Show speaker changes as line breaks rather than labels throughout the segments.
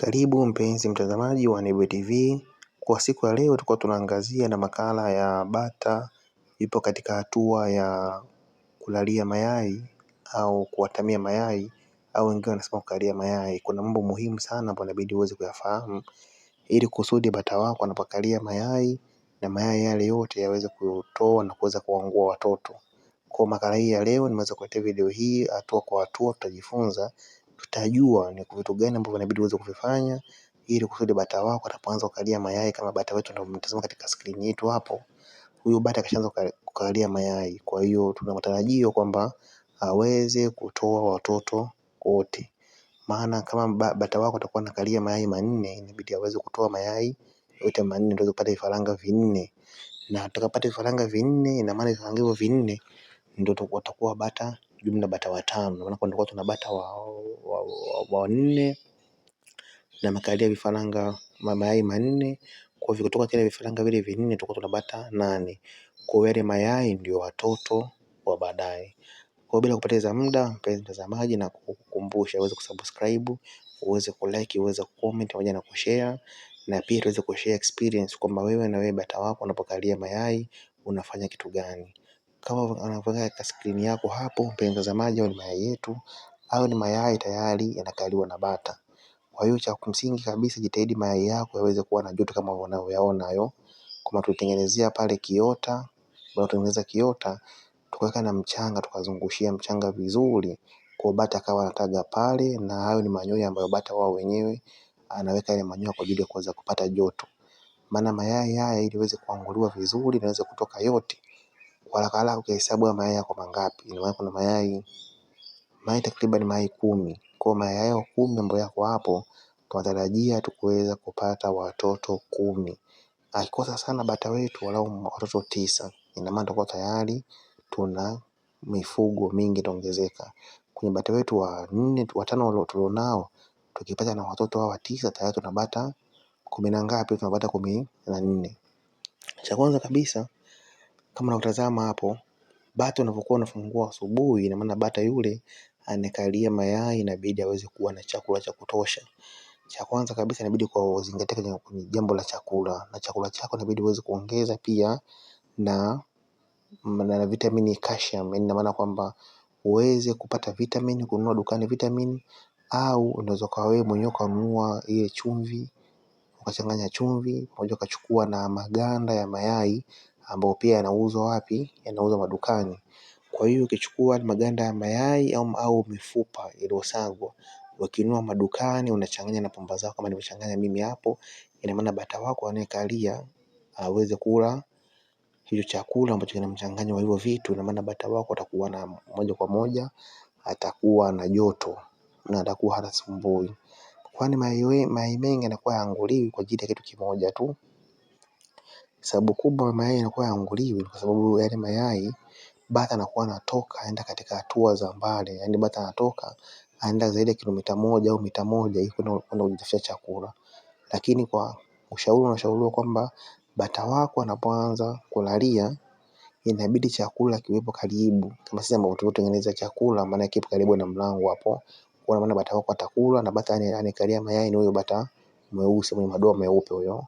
Karibu mpenzi mtazamaji wa Nebuye TV, kwa siku ya leo tulikuwa tunaangazia na makala ya bata ipo katika hatua ya kulalia mayai au kuatamia mayai au wengine wanasema kukalia mayai. Kuna mambo muhimu sana ambayo inabidi uweze kuyafahamu ili kusudi bata wako anapokalia mayai na mayai yale yote yaweze kutoa na kuweza kuangua watoto. Kwa makala hii ya leo nimeweza kuletea video hii hatua kwa hatua tutajifunza tutajua ni vitu gani ambavyo inabidi uweze kuvifanya ili kusudi bata wako atakapoanza kukalia mayai kama bata wetu tunavyomtazama katika skrini yetu hapo, huyu bata kashaanza kukalia mayai. Kwa hiyo tuna matarajio kwamba aweze kutoa watoto wote, maana kama bata wako atakuwa anakalia mayai manne, inabidi aweze kutoa mayai yote manne ndio tupate vifaranga vinne, na tukapata vifaranga vinne, ina maana vifaranga hivyo vinne ndio watakuwa bata jumla bata watano, maana tulikuwa tuna bata wanne na makalia vifaranga mayai manne. Kwa hivyo kutoka kile vifaranga vile vinne tulikuwa tuna bata nane. Kwa hiyo yale mayai ndio watoto wa baadaye. Kwa bila kupoteza muda, mpenzi mtazamaji, na kukukumbusha uweze kusubscribe, uweze kulike, uweze kucomment pamoja na kushare na pia tuweze kushare experience kwamba wewe na wewe bata wako unapokalia mayai unafanya kitu gani kama unavyoeka skrini yako hapo mpenzi mtazamaji hayo ni mayai yetu hayo ni mayai tayari yanakaliwa na bata kwa hiyo cha msingi kabisa jitahidi mayai yako yaweze kuwa na joto kama unavyoyaona hayo kama tulitengenezea pale kiota bado tunaweza kiota tukaweka na mchanga tukazungushia mchanga vizuri kwa bata akawa anataga pale na hayo ni manyoya ambayo bata wao wenyewe anaweka ile manyoya kwa ajili ya kuweza kupata joto maana mayai haya ili iweze kuanguliwa vizuri na iweze kutoka yote kwa haraka haraka ukihesabu ya mayai yako mangapi, ina maana kuna mayai mayai takriban mayai kumi. Kwa mayai hayo kumi ambayo yako hapo, tunatarajia tukuweza kupata watoto kumi. Akikosa sana bata wetu walau watoto tisa, ina maana tutakuwa tayari tuna mifugo mingi itaongezeka. Kwenye bata wetu wa wanne watano tulionao, tukipata na watoto hawa tisa tayari tuna bata kumi na ngapi? Tuna bata kumi na nne. Cha kwanza kabisa kama unavyotazama hapo, bata unapokuwa unafungua asubuhi, ina maana bata yule anakalia mayai, inabidi aweze kuwa na chakula cha kutosha. Cha kwanza kabisa inabidi kwa uzingatie kwenye jambo la chakula, na chakula chako inabidi uweze kuongeza pia na na vitamini calcium, ina maana kwamba uweze kupata vitamini, kununua dukani vitamini, au unaweza kwa wewe mwenyewe kununua ile chumvi ukachanganya chumvi, ukaja ukachukua na maganda ya mayai ambayo pia yanauzwa wapi? Yanauzwa madukani. Kwa hiyo ukichukua maganda ya mayai au mifupa iliyosagwa ukinunua madukani unachanganya na pamba zako kama nilivyochanganya mimi hapo, ina maana bata wako anayekalia aweze kula hicho chakula ambacho kina mchanganyo wa hivyo vitu, ina maana bata wako atakuwa na moja kwa moja atakuwa na joto na atakuwa hana sumbui, kwani mayai mengi yanakuwa hayaanguliwi kwa ajili ya kitu kimoja tu sababu kubwa mayai yanakuwa hayaanguliwi kwa sababu yale mayai bata anakuwa anatoka aenda katika hatua za mbali yani bata anatoka aenda zaidi ya kilomita moja au mita moja ili kwenda kujitafutia chakula lakini kwa ushauri unashauriwa kwamba bata wako anapoanza kulalia inabidi chakula kiwepo karibu kama sisi ambavyo tulivyotengeneza chakula maana kipo karibu na mlango hapo kwa maana bata wako atakula na bata anayekalia mayai ni huyo bata mweusi mwenye madoa meupe huyo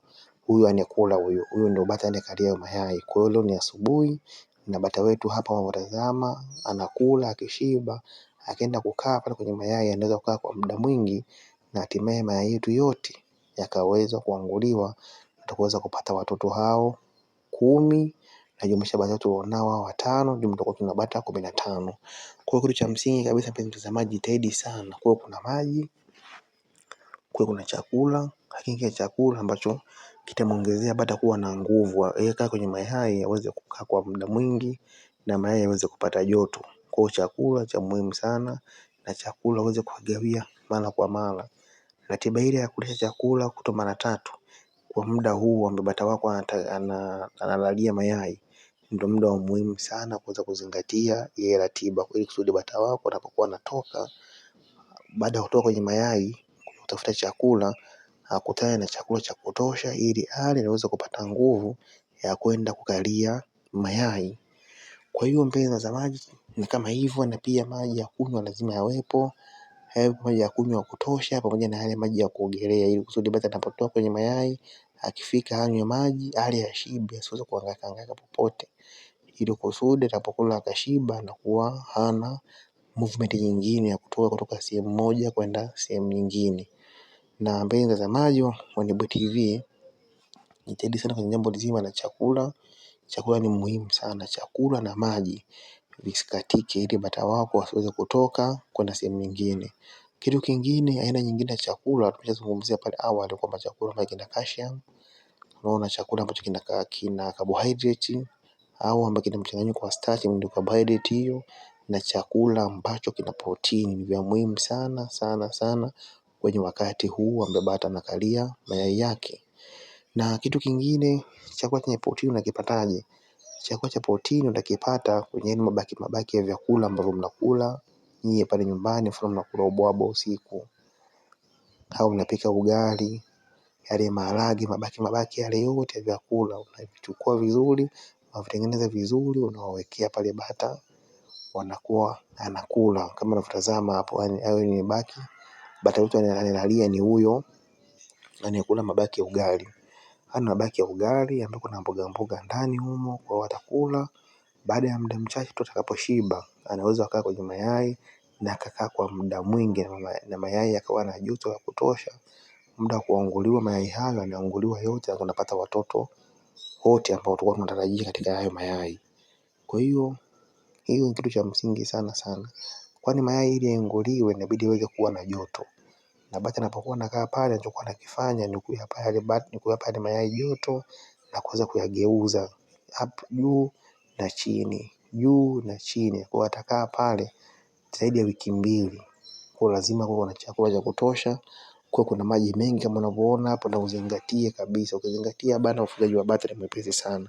huyu anekula huyu, huyu ndio bata anekalia mayai. Kwa hiyo leo ni asubuhi na bata wetu hapa wanatazama anakula akishiba, akienda kukaa pale kwenye mayai anaweza kukaa kwa muda mwingi na hatimaye mayai yetu yote yakaweza kuanguliwa na tukaweza kupata watoto hao kumi najumlisha bata tulionao hao watano ndio mtakuwa tuna bata kumi na tano. Kwa hiyo kitu cha msingi kabisa, mpenzi mtazamaji, jitahidi sana kuwe kuna maji, kuwe kuna chakula, lakini kile chakula ambacho Kitamwongezea bata kuwa na nguvu yeye kaa kwenye mayai aweze kukaa kwa muda mwingi na mayai aweze kupata joto. Kwa chakula cha muhimu sana na chakula aweze kuwagawia mara kwa mara. Ratiba ile ya kulisha chakula kutoka mara tatu kwa muda huu ambao bata wako analalia mayai ndio muda wa muhimu sana kuweza kuzingatia ile ratiba ili kusudi bata wako wanapokuwa wanatoka baada ya kutoka kwenye mayai kutafuta chakula akutane na chakula cha kutosha ili ale na aweze kupata nguvu ya kwenda kukalia mayai. Kwa hiyo mbegu za maji ni kama hivyo na pia maji ya kunywa lazima yawepo, maji ya kunywa ya kutosha pamoja na yale maji ya kuogelea ili kusudi bata anapotoka kwenye mayai akifika anywe maji ale ashibe asiweze kuhangaika hangaika popote ili kusudi anapokula akashiba na kuwa hana movement nyingine ya kutoka kutoka sehemu moja kwenda sehemu nyingine na mpenzi mtazamaji wa Nebuye TV, jitahidi sana kwenye jambo zima la chakula. Chakula ni muhimu sana, chakula na maji visikatike, ili bata wako wasiweze kutoka kwenda sehemu nyingine. Kitu kingine, aina nyingine ya chakula tumeshazungumzia pale awali kwamba chakula ambacho kina calcium, unaona chakula ambacho kina kina carbohydrate au ambacho kina mchanganyiko wa starch ndio carbohydrate hiyo, na chakula ambacho kina protini vya muhimu sana sana sana kwenye wakati huu ambaye bata anakalia mayai yake. Na kitu kingine chakula chenye protini unakipataje? Chakula cha protini utakipata kwenye yale mabaki mabaki ya vyakula ambavyo mnakula nyie pale nyumbani, mfano mnakula ubwabwa usiku au mnapika ugali, yale maharage mabaki mabaki yale yote ya vyakula unavichukua vizuri, unavitengeneza vizuri, unawawekea pale bata wanakuwa anakula kama unavyotazama hapo yani hayo ni mabaki bata mtu analalia ni huyo anayekula mabaki ya ugali. Ana mabaki ya ugali ambayo kuna mboga mboga ndani humo kwa watakula. Baada ya muda mchache tu atakaposhiba, anaweza kukaa kwenye mayai na akakaa kwa muda mwingi na mayai yakawa na joto la kutosha. Muda wa kuanguliwa mayai hayo yanaanguliwa yote na tunapata watoto wote ambao tulikuwa tunatarajia katika hayo mayai. Kwa hiyo, hiyo ni kitu cha msingi sana sana. Kwani mayai ili yaenguliwe inabidi iweze kuwa na joto na bata anapokuwa anakaa pale anachokuwa anakifanya ni kuyapa yale ni kuyapa yale mayai joto na kuweza kuyageuza up juu na chini, juu na chini kwa hiyo atakaa pale zaidi ya wiki mbili kwa hiyo lazima kuwe na chakula cha kutosha kuwe kuna maji mengi kama unavyoona hapo na uzingatie kabisa ukizingatia bana ufugaji wa bata ni mwepesi sana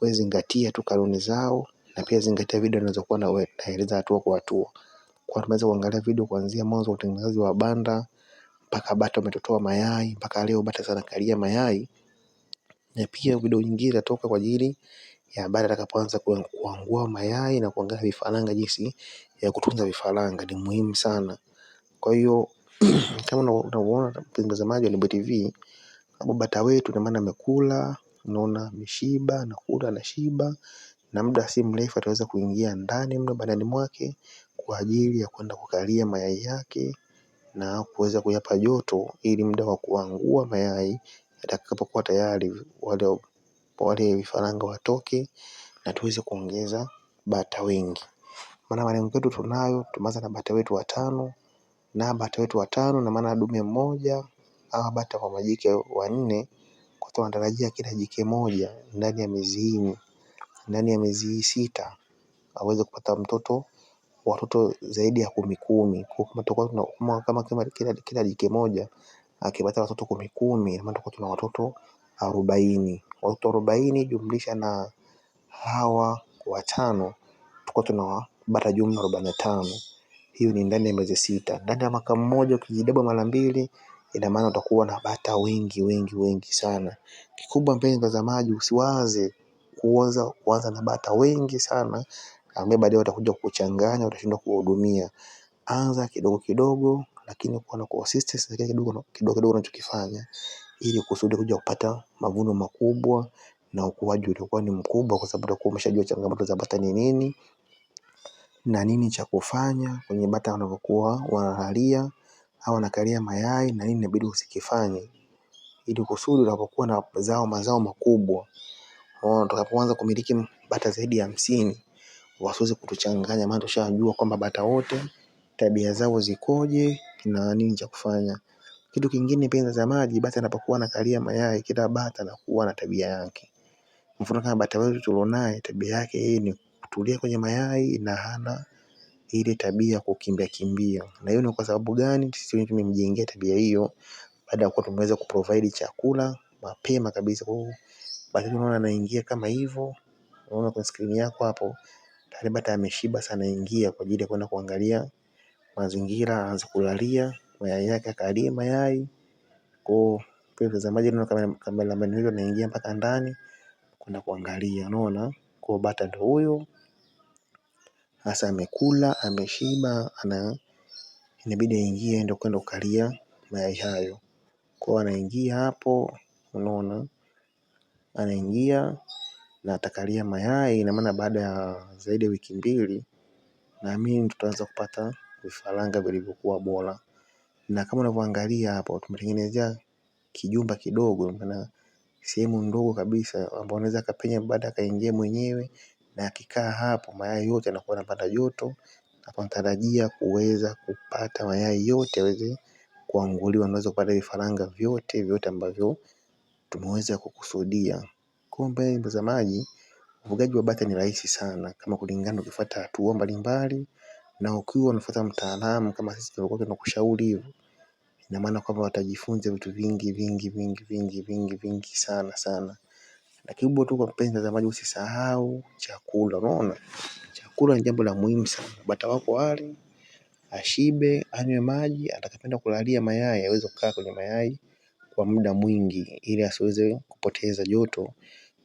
we zingatia tu kanuni zao na pia zingatia video ninazokuwa naeleza hatua kwa hatua kuwa tumeweza kuangalia video kuanzia mwanzo wa utengenezaji wa banda mpaka bata wametotoa mayai mpaka leo bata sana kalia mayai na pia video nyingine itatoka kwa ajili ya bata atakapoanza kuangua mayai na kuangalia vifaranga jinsi ya kutunza vifaranga ni muhimu sana kwa hiyo kama unavyoona mtazamaji wa Nebuye TV bata wetu ina maana amekula unaona ameshiba na shiba na muda si mrefu ataweza kuingia ndani mle bandani mwake kwa ajili ya kwenda kukalia mayai yake na kuweza kuyapa joto ili muda wa kuangua mayai yatakapokuwa tayari wale vifaranga watoke na tuweze kuongeza bata wengi. Maana malengo yetu tunayo tumaza na bata wetu watano na bata wetu watano na maana dume mmoja au bata kwa majike wanne kwa sababu tunatarajia kila jike moja ndani ya miezi hii ndani ya miezi sita aweze kupata mtoto watoto zaidi ya kumi kumi kama kila jike moja akipata watoto kumi kumi tutakuwa tuna watoto arobaini watoto arobaini jumlisha na hawa watano tutakuwa tunawapata jumla arobaini na tano hiyo ni ndani ya miezi sita ndani ya mwaka mmoja ukijidaba mara mbili ina maana utakuwa na bata wengi wengi wengi sana kikubwa mpenzi mtazamaji usiwaze kuoza kuanza na bata wengi sana, ambaye baadaye watakuja kuchanganya, utashindwa kuwahudumia. Anza kidogo kidogo, lakini kuwa na consistency kidogo kidogo unachokifanya, ili kusudi kuja kupata mavuno makubwa na ukuaji utakuwa ni mkubwa, kwa sababu utakuwa umeshajua changamoto za bata ni nini na nini cha kufanya kwenye bata wanavyokuwa wanalalia au wanakalia mayai na nini inabidi usikifanye, ili kusudi unapokuwa na zao mazao makubwa. Kwa tutakapoanza kumiliki bata zaidi ya hamsini wasiweze kutuchanganya, maana tushajua kwamba bata wote tabia zao zikoje na nini cha kufanya. Kitu kingine za maji bata anapokuwa anakalia mayai, kila bata anakuwa na tabia yake. Mfano kama bata wetu tulionaye, tabia yake yeye ni kutulia kwenye mayai na hana ile tabia kukimbia kimbia, na hiyo ni kwa sababu gani? Sisi wenyewe tumemjengea tabia hiyo baada ya kuwa tumeweza kuprovide chakula mapema kabisa. kwa hiyo lakini unaona anaingia kama hivyo, unaona kwenye skrini yako hapo tayari bata ameshiba sana, anaingia kwa ajili ya kwenda kuangalia mazingira, aanze kulalia mayai yake, akalie mayai kwa pia mtazamaji, naona kameramani huyo anaingia mpaka ndani kwenda kuangalia, unaona kwa bata ndio huyo hasa, amekula ameshiba, ana inabidi aingie ndio kwenda kukalia mayai hayo, kwa anaingia hapo unaona anaingia na atakalia mayai, ina maana baada ya zaidi ya wiki mbili naamini tutaanza kupata vifaranga vilivyokuwa bora. Na kama unavyoangalia hapo tumetengenezea kijumba kidogo, maana sehemu ndogo kabisa ambayo anaweza akapenya baada akaingia mwenyewe, na akikaa hapo mayai yote yanakuwa yanapata joto, na tunatarajia kuweza kupata mayai yote yaweze kuanguliwa, naweza kupata vifaranga vyote vyote ambavyo tumeweza kukusudia. Kumbe mtazamaji, ufugaji wa bata ni rahisi sana kama kulingana ukifuata hatua mbalimbali na ukiwa unafuata mtaalamu kama sisi tulivyokuwa tunakushauri hivyo, ina maana kwamba watajifunza vitu vingi vingi vingi vingi vingi vingi sana sana. Na kikubwa tu kwa mpenzi mtazamaji, usisahau chakula. Unaona, chakula ni jambo la muhimu sana. Bata wako wale ashibe, anywe maji, atakapenda kulalia mayai aweze kukaa kwenye mayai kwa muda mwingi ili asiweze kupoteza joto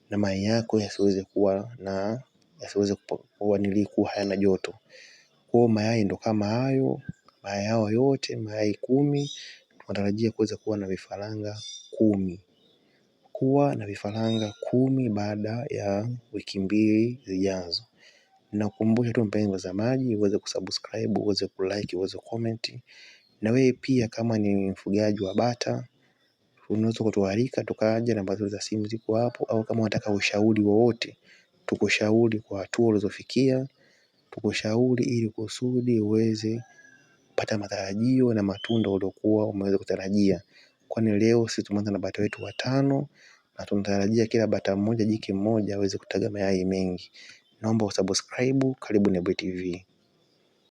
na mayai yako yasiweze kuwa na yasiweze kuwa kuwa hayana joto. Kwa mayai ndo kama hayo, mayai hayo yote, mayai kumi, tunatarajia kuweza kuwa na vifaranga kumi. Kuwa na vifaranga kumi baada ya wiki mbili zijazo. Nakukumbusha tu mpenzi mtazamaji, uweze kusubscribe, uweze kulike, uweze kucomment Na wewe pia kama ni mfugaji wa bata, unaweza kutualika tukaja, namba zetu za simu ziko hapo, au kama unataka ushauri wowote, tukushauri kwa hatua ulizofikia, tukushauri ili kusudi uweze kupata matarajio na matunda uliokuwa umeweza kutarajia. Kwani leo sisi tumeanza na bata wetu watano na tunatarajia kila bata mmoja, jike mmoja aweze kutaga mayai mengi. Naomba usubscribe, karibu Nebuye TV.